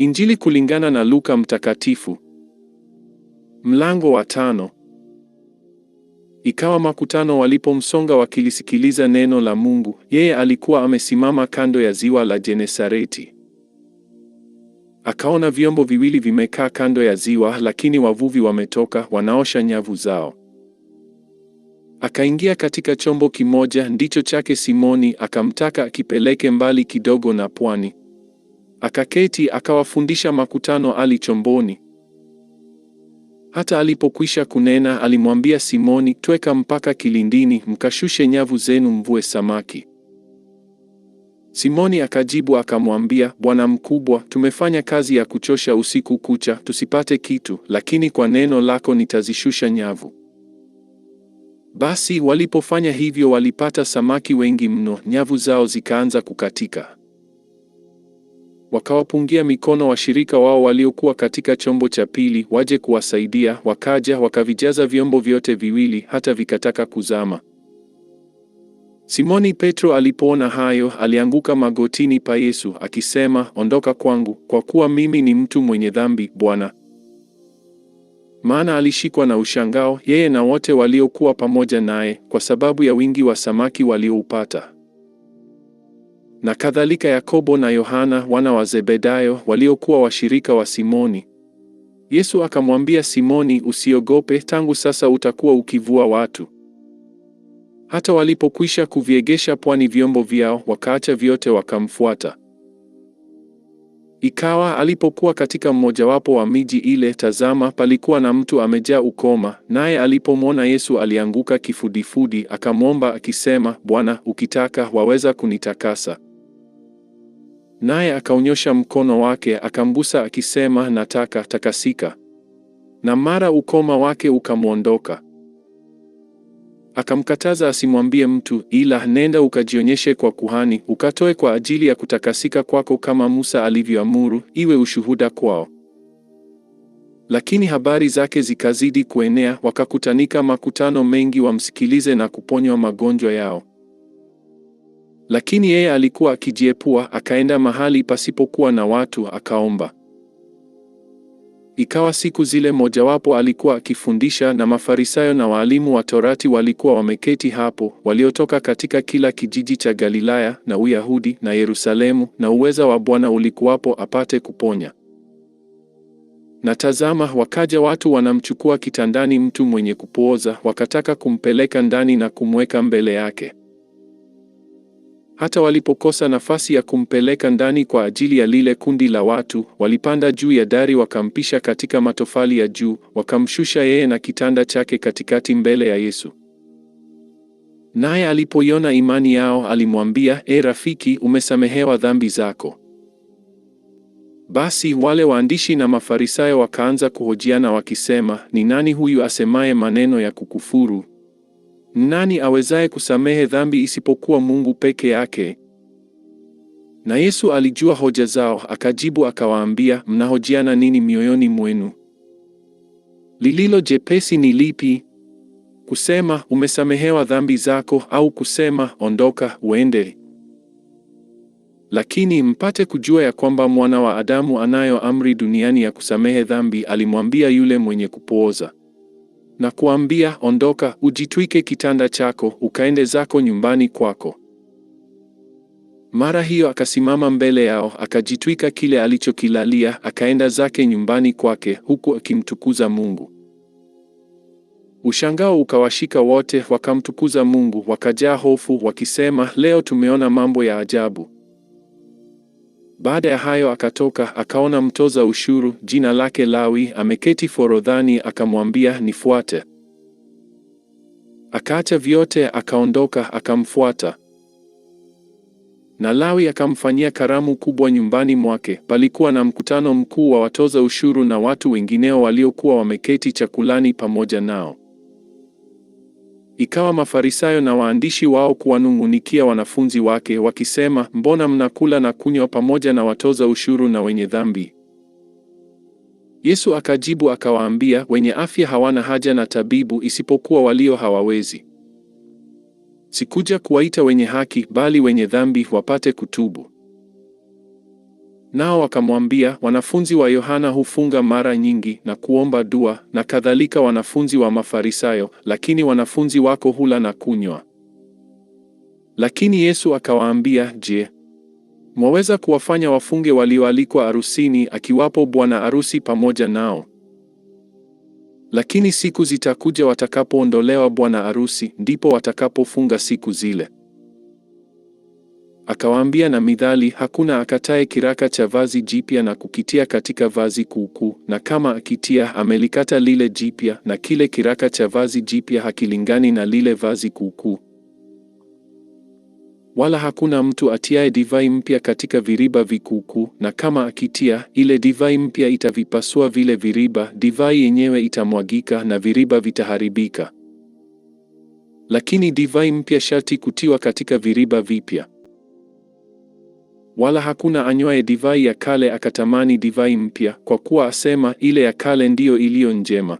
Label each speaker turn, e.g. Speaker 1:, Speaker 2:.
Speaker 1: Injili kulingana na Luka Mtakatifu, mlango wa tano. Ikawa makutano walipomsonga wakilisikiliza neno la Mungu, yeye alikuwa amesimama kando ya ziwa la Genesareti. Akaona vyombo viwili vimekaa kando ya ziwa, lakini wavuvi wametoka, wanaosha nyavu zao. Akaingia katika chombo kimoja, ndicho chake Simoni, akamtaka akipeleke mbali kidogo na pwani akaketi akawafundisha makutano ali chomboni. Hata alipokwisha kunena, alimwambia Simoni, tweka mpaka kilindini, mkashushe nyavu zenu mvue samaki. Simoni akajibu akamwambia, Bwana mkubwa, tumefanya kazi ya kuchosha usiku kucha, tusipate kitu, lakini kwa neno lako nitazishusha nyavu. Basi walipofanya hivyo, walipata samaki wengi mno, nyavu zao zikaanza kukatika. Wakawapungia mikono washirika wao waliokuwa katika chombo cha pili waje kuwasaidia, wakaja wakavijaza vyombo vyote viwili hata vikataka kuzama. Simoni Petro alipoona hayo, alianguka magotini pa Yesu akisema, ondoka kwangu, kwa kuwa mimi ni mtu mwenye dhambi, Bwana. Maana alishikwa na ushangao, yeye na wote waliokuwa pamoja naye, kwa sababu ya wingi wa samaki walioupata na kadhalika Yakobo na Yohana wana wa Zebedayo waliokuwa washirika wa Simoni. Yesu akamwambia Simoni, usiogope, tangu sasa utakuwa ukivua watu. Hata walipokwisha kuviegesha pwani vyombo vyao, wakaacha vyote wakamfuata. Ikawa alipokuwa katika mmojawapo wa miji ile, tazama, palikuwa na mtu amejaa ukoma, naye alipomwona Yesu alianguka kifudifudi, akamwomba akisema, Bwana, ukitaka waweza kunitakasa. Naye akaonyosha mkono wake akambusa akisema, nataka takasika. Na mara ukoma wake ukamwondoka. Akamkataza asimwambie mtu, ila nenda ukajionyeshe kwa kuhani, ukatoe kwa ajili ya kutakasika kwako kama Musa alivyoamuru, iwe ushuhuda kwao. Lakini habari zake zikazidi kuenea, wakakutanika makutano mengi wamsikilize na kuponywa magonjwa yao. Lakini yeye alikuwa akijiepua, akaenda mahali pasipokuwa na watu, akaomba. Ikawa siku zile mojawapo alikuwa akifundisha, na Mafarisayo na waalimu wa Torati walikuwa wameketi hapo, waliotoka katika kila kijiji cha Galilaya na Uyahudi na Yerusalemu, na uweza wa Bwana ulikuwapo apate kuponya. Na tazama, wakaja watu wanamchukua kitandani mtu mwenye kupooza, wakataka kumpeleka ndani na kumweka mbele yake. Hata walipokosa nafasi ya kumpeleka ndani kwa ajili ya lile kundi la watu, walipanda juu ya dari, wakampisha katika matofali ya juu, wakamshusha yeye na kitanda chake katikati mbele ya Yesu. Naye alipoiona imani yao, alimwambia, E rafiki, umesamehewa dhambi zako. Basi wale waandishi na Mafarisayo wakaanza kuhojiana wakisema, ni nani huyu asemaye maneno ya kukufuru? Nani awezaye kusamehe dhambi isipokuwa Mungu peke yake? Na Yesu alijua hoja zao, akajibu akawaambia, mnahojiana nini mioyoni mwenu? Lililo jepesi ni lipi? Kusema umesamehewa dhambi zako, au kusema ondoka uende? Lakini mpate kujua ya kwamba mwana wa Adamu anayo amri duniani ya kusamehe dhambi, alimwambia yule mwenye kupooza na kuambia, ondoka, ujitwike kitanda chako, ukaende zako nyumbani kwako. Mara hiyo akasimama mbele yao, akajitwika kile alichokilalia, akaenda zake nyumbani kwake, huku akimtukuza Mungu. Ushangao ukawashika wote, wakamtukuza Mungu, wakajaa hofu, wakisema, leo tumeona mambo ya ajabu. Baada ya hayo akatoka akaona mtoza ushuru jina lake Lawi ameketi forodhani, akamwambia nifuate. Akaacha vyote akaondoka akamfuata. Na Lawi akamfanyia karamu kubwa nyumbani mwake. Palikuwa na mkutano mkuu wa watoza ushuru na watu wengineo waliokuwa wameketi chakulani pamoja nao. Ikawa Mafarisayo na waandishi wao kuwanung'unikia wanafunzi wake wakisema, mbona mnakula na kunywa pamoja na watoza ushuru na wenye dhambi? Yesu akajibu akawaambia, wenye afya hawana haja na tabibu, isipokuwa walio hawawezi. Sikuja kuwaita wenye haki, bali wenye dhambi wapate kutubu. Nao wakamwambia, wanafunzi wa Yohana hufunga mara nyingi na kuomba dua na kadhalika, wanafunzi wa Mafarisayo, lakini wanafunzi wako hula na kunywa. Lakini Yesu akawaambia, je, mwaweza kuwafanya wafunge walioalikwa arusini akiwapo bwana arusi pamoja nao? Lakini siku zitakuja watakapoondolewa bwana arusi, ndipo watakapofunga siku zile. Akawaambia na midhali hakuna akataye kiraka cha vazi jipya na kukitia katika vazi kuukuu, na kama akitia, amelikata lile jipya, na kile kiraka cha vazi jipya hakilingani na lile vazi kuukuu. Wala hakuna mtu atiaye divai mpya katika viriba vikuukuu, na kama akitia, ile divai mpya itavipasua vile viriba, divai yenyewe itamwagika na viriba vitaharibika. Lakini divai mpya sharti kutiwa katika viriba vipya. Wala hakuna anywaye divai ya kale akatamani divai mpya, kwa kuwa asema, ile ya kale ndiyo iliyo njema.